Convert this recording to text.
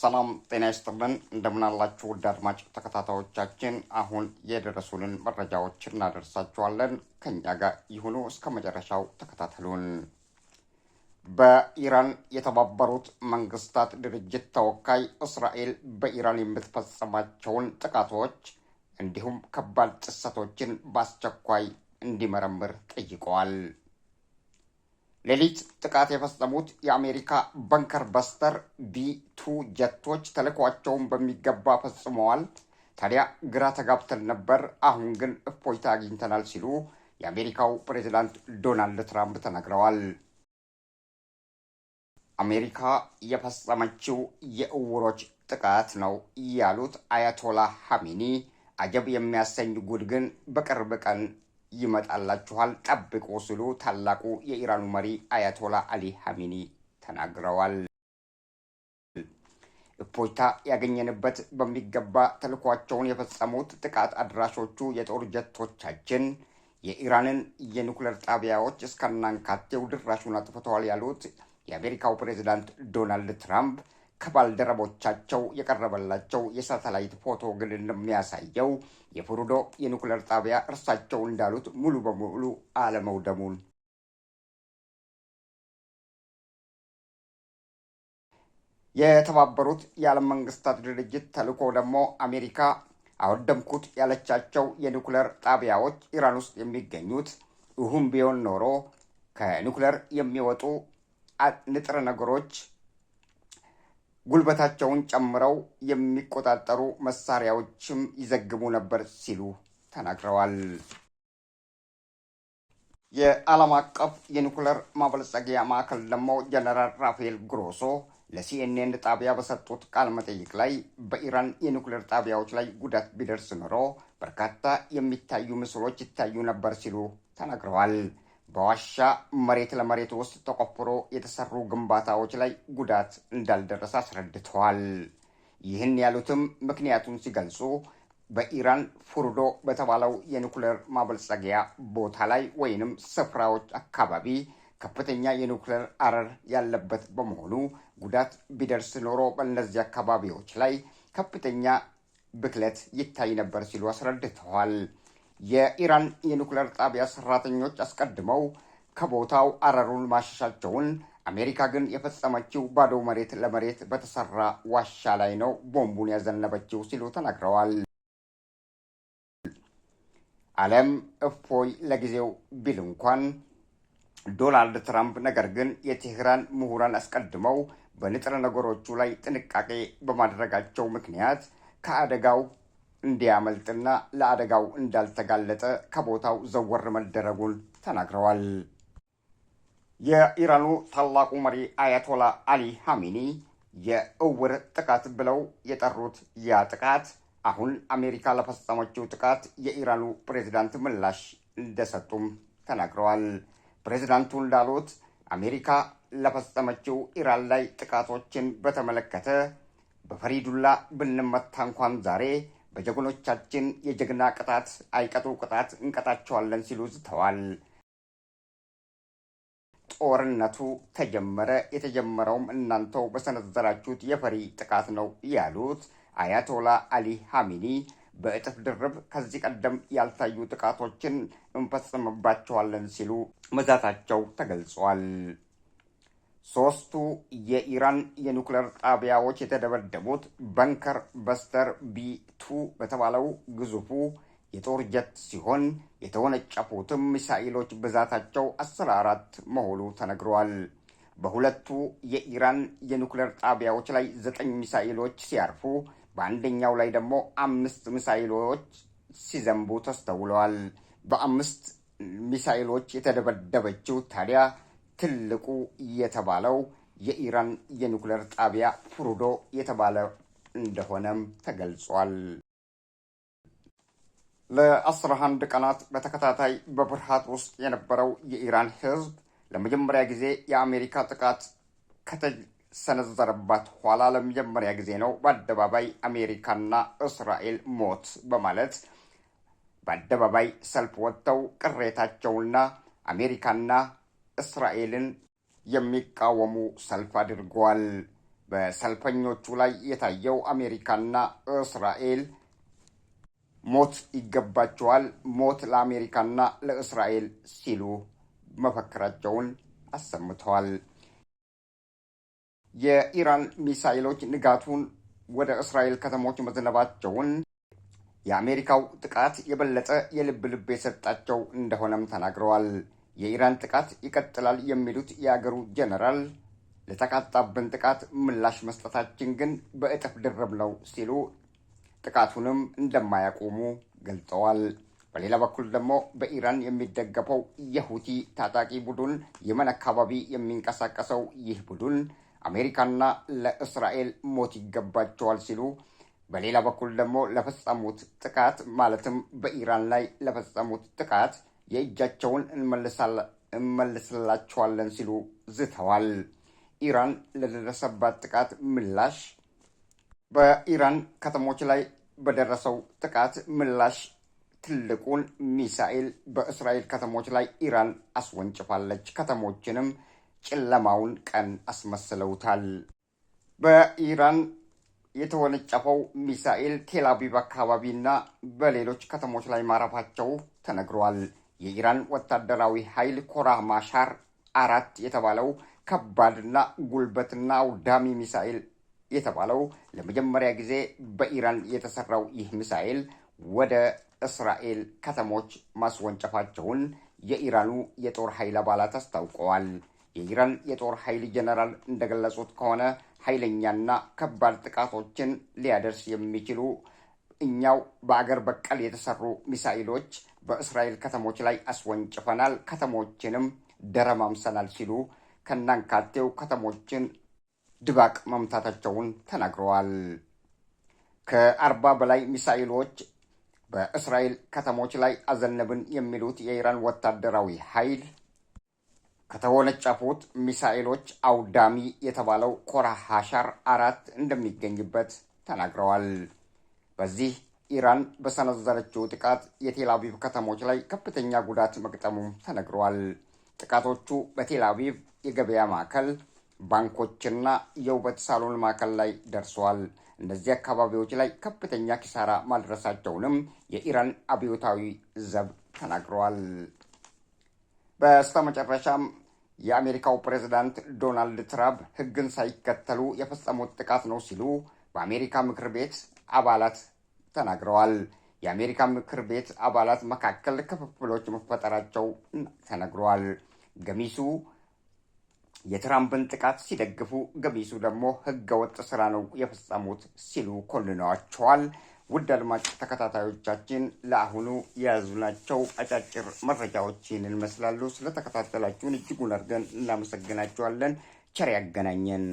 ሰላም ጤና ይስጥልን። እንደምናላችሁ ውድ አድማጭ ተከታታዮቻችን፣ አሁን የደረሱልን መረጃዎች እናደርሳችኋለን። ከኛ ጋር ይሁኑ፣ እስከ መጨረሻው ተከታተሉን። በኢራን የተባበሩት መንግስታት ድርጅት ተወካይ እስራኤል በኢራን የምትፈጸማቸውን ጥቃቶች እንዲሁም ከባድ ጥሰቶችን በአስቸኳይ እንዲመረምር ጠይቀዋል። ሌሊት ጥቃት የፈጸሙት የአሜሪካ በንከር በስተር ቢቱ ጀቶች ተልዕኳቸውን በሚገባ ፈጽመዋል። ታዲያ ግራ ተጋብተን ነበር፣ አሁን ግን እፎይታ አግኝተናል ሲሉ የአሜሪካው ፕሬዚዳንት ዶናልድ ትራምፕ ተናግረዋል። አሜሪካ የፈጸመችው የእውሮች ጥቃት ነው ያሉት አያቶላ ሐሚኒ አጀብ የሚያሰኝ ጉድ ግን በቅርብ ቀን ይመጣላችኋል ጠብቆ ሲሉ ታላቁ የኢራኑ መሪ አያቶላ አሊ ሐሚኒ ተናግረዋል። እፎይታ ያገኘንበት በሚገባ ተልኳቸውን የፈጸሙት ጥቃት አድራሾቹ የጦር ጀቶቻችን የኢራንን የኒኩሌር ጣቢያዎች እስከናንካቴው ድራሹን አጥፍተዋል ያሉት የአሜሪካው ፕሬዚዳንት ዶናልድ ትራምፕ ከባልደረቦቻቸው የቀረበላቸው የሳተላይት ፎቶ ግን እንደሚያሳየው የፉሩዶ የኑክሌር ጣቢያ እርሳቸው እንዳሉት ሙሉ በሙሉ አለመውደሙን የተባበሩት የዓለም መንግስታት ድርጅት ተልእኮ ደግሞ አሜሪካ አወደምኩት ያለቻቸው የኒኩለር ጣቢያዎች ኢራን ውስጥ የሚገኙት እሁም ቢሆን ኖሮ ከኒኩለር የሚወጡ ንጥረ ነገሮች ጉልበታቸውን ጨምረው የሚቆጣጠሩ መሳሪያዎችም ይዘግቡ ነበር ሲሉ ተናግረዋል። የዓለም አቀፍ የኒኩለር ማበልጸጊያ ማዕከል ደግሞ ጀነራል ራፋኤል ግሮሶ ለሲኤንኤን ጣቢያ በሰጡት ቃለ መጠይቅ ላይ በኢራን የኒኩሌር ጣቢያዎች ላይ ጉዳት ቢደርስ ኖሮ በርካታ የሚታዩ ምስሎች ይታዩ ነበር ሲሉ ተናግረዋል። በዋሻ መሬት ለመሬት ውስጥ ተቆፍሮ የተሰሩ ግንባታዎች ላይ ጉዳት እንዳልደረሰ አስረድተዋል። ይህን ያሉትም ምክንያቱን ሲገልጹ በኢራን ፉርዶ በተባለው የኒኩሌር ማበልጸጊያ ቦታ ላይ ወይንም ስፍራዎች አካባቢ ከፍተኛ የኒኩሌር አረር ያለበት በመሆኑ ጉዳት ቢደርስ ኖሮ በእነዚህ አካባቢዎች ላይ ከፍተኛ ብክለት ይታይ ነበር ሲሉ አስረድተዋል። የኢራን የኒኩሌር ጣቢያ ሰራተኞች አስቀድመው ከቦታው አረሩን ማሸሻቸውን፣ አሜሪካ ግን የፈጸመችው ባዶ መሬት ለመሬት በተሰራ ዋሻ ላይ ነው ቦምቡን ያዘነበችው ሲሉ ተናግረዋል። ዓለም እፎይ ለጊዜው ቢል እንኳን ዶናልድ ትራምፕ ነገር ግን የቴህራን ምሁራን አስቀድመው በንጥረ ነገሮቹ ላይ ጥንቃቄ በማድረጋቸው ምክንያት ከአደጋው እንዲያመልጥና ለአደጋው እንዳልተጋለጠ ከቦታው ዘወር መደረጉን ተናግረዋል። የኢራኑ ታላቁ መሪ አያቶላ አሊ ሐሚኒ የእውር ጥቃት ብለው የጠሩት ያ ጥቃት አሁን አሜሪካ ለፈጸመችው ጥቃት የኢራኑ ፕሬዝዳንት ምላሽ እንደሰጡም ተናግረዋል። ፕሬዝዳንቱ እንዳሉት አሜሪካ ለፈጸመችው ኢራን ላይ ጥቃቶችን በተመለከተ በፈሪዱላ ብንመታ እንኳን ዛሬ በጀግኖቻችን የጀግና ቅጣት አይቀጡ ቅጣት እንቀጣቸዋለን ሲሉ ዝተዋል። ጦርነቱ ተጀመረ። የተጀመረውም እናንተው በሰነዘራችሁት የፈሪ ጥቃት ነው ያሉት አያቶላ አሊ ሐሚኒ በእጥፍ ድርብ ከዚህ ቀደም ያልታዩ ጥቃቶችን እንፈጽምባቸዋለን ሲሉ መዛታቸው ተገልጿል። ሶስቱ የኢራን የኒውክሌር ጣቢያዎች የተደበደቡት በንከር በስተር ቢቱ በተባለው ግዙፉ የጦር ጀት ሲሆን የተወነጨፉትም ሚሳኤሎች ብዛታቸው አስር አራት መሆኑ ተነግረዋል። በሁለቱ የኢራን የኒውክሌር ጣቢያዎች ላይ ዘጠኝ ሚሳኤሎች ሲያርፉ በአንደኛው ላይ ደግሞ አምስት ሚሳኤሎች ሲዘንቡ ተስተውለዋል። በአምስት ሚሳኤሎች የተደበደበችው ታዲያ ትልቁ የተባለው የኢራን የኒኩሌር ጣቢያ ፍሩዶ የተባለ እንደሆነም ተገልጿል። ለአስራ አንድ ቀናት በተከታታይ በፍርሃት ውስጥ የነበረው የኢራን ሕዝብ ለመጀመሪያ ጊዜ የአሜሪካ ጥቃት ከተሰነዘረባት ኋላ ለመጀመሪያ ጊዜ ነው በአደባባይ አሜሪካና እስራኤል ሞት በማለት በአደባባይ ሰልፍ ወጥተው ቅሬታቸውና አሜሪካና እስራኤልን የሚቃወሙ ሰልፍ አድርገዋል። በሰልፈኞቹ ላይ የታየው አሜሪካና እስራኤል ሞት ይገባቸዋል፣ ሞት ለአሜሪካና ለእስራኤል ሲሉ መፈክራቸውን አሰምተዋል። የኢራን ሚሳይሎች ንጋቱን ወደ እስራኤል ከተሞች መዝነባቸውን የአሜሪካው ጥቃት የበለጠ የልብ ልብ የሰጣቸው እንደሆነም ተናግረዋል። የኢራን ጥቃት ይቀጥላል የሚሉት የአገሩ ጀነራል ለተቃጣብን ጥቃት ምላሽ መስጠታችን ግን በእጥፍ ድርብ ነው ሲሉ ጥቃቱንም እንደማያቆሙ ገልጸዋል። በሌላ በኩል ደግሞ በኢራን የሚደገፈው የሁቲ ታጣቂ ቡድን የመን አካባቢ የሚንቀሳቀሰው ይህ ቡድን አሜሪካና ለእስራኤል ሞት ይገባቸዋል ሲሉ በሌላ በኩል ደግሞ ለፈጸሙት ጥቃት ማለትም በኢራን ላይ ለፈጸሙት ጥቃት የእጃቸውን እንመልስላቸዋለን ሲሉ ዝተዋል። ኢራን ለደረሰባት ጥቃት ምላሽ በኢራን ከተሞች ላይ በደረሰው ጥቃት ምላሽ ትልቁን ሚሳኤል በእስራኤል ከተሞች ላይ ኢራን አስወንጭፋለች። ከተሞችንም ጨለማውን ቀን አስመስለውታል። በኢራን የተወነጨፈው ሚሳኤል ቴላቪቭ አካባቢ አካባቢና በሌሎች ከተሞች ላይ ማረፋቸው ተነግሯል። የኢራን ወታደራዊ ኃይል ኮራህ ማሻር አራት የተባለው ከባድና ጉልበትና አውዳሚ ሚሳኤል የተባለው ለመጀመሪያ ጊዜ በኢራን የተሰራው ይህ ሚሳኤል ወደ እስራኤል ከተሞች ማስወንጨፋቸውን የኢራኑ የጦር ኃይል አባላት አስታውቀዋል። የኢራን የጦር ኃይል ጀነራል እንደገለጹት ከሆነ ኃይለኛና ከባድ ጥቃቶችን ሊያደርስ የሚችሉ እኛው በአገር በቀል የተሰሩ ሚሳኤሎች በእስራኤል ከተሞች ላይ አስወንጭፈናል፣ ከተሞችንም ደረማምሰናል ሲሉ ከናንካቴው ከተሞችን ድባቅ መምታታቸውን ተናግረዋል። ከአርባ በላይ ሚሳኤሎች በእስራኤል ከተሞች ላይ አዘነብን የሚሉት የኢራን ወታደራዊ ኃይል ከተወነጨፉት ሚሳኤሎች አውዳሚ የተባለው ኮራ ሐሻር አራት እንደሚገኝበት ተናግረዋል። በዚህ ኢራን በሰነዘረችው ጥቃት የቴላቪቭ ከተሞች ላይ ከፍተኛ ጉዳት መግጠሙም ተነግሯል። ጥቃቶቹ በቴላቪቭ የገበያ ማዕከል፣ ባንኮችና የውበት ሳሎን ማዕከል ላይ ደርሰዋል። እነዚህ አካባቢዎች ላይ ከፍተኛ ኪሳራ ማድረሳቸውንም የኢራን አብዮታዊ ዘብ ተናግረዋል። በስተመጨረሻም የአሜሪካው ፕሬዝዳንት ዶናልድ ትራምፕ ሕግን ሳይከተሉ የፈጸሙት ጥቃት ነው ሲሉ በአሜሪካ ምክር ቤት አባላት ተናግረዋል። የአሜሪካ ምክር ቤት አባላት መካከል ክፍፍሎች መፈጠራቸው ተነግረዋል። ገሚሱ የትራምፕን ጥቃት ሲደግፉ፣ ገሚሱ ደግሞ ህገወጥ ስራ ነው የፈጸሙት ሲሉ ኮንነዋቸዋል። ውድ አድማጭ ተከታታዮቻችን ለአሁኑ የያዙናቸው አጫጭር መረጃዎችን ይመስላሉ። ስለተከታተላችሁን እጅጉን አድርገን እናመሰግናችኋለን። ቸር ያገናኘን።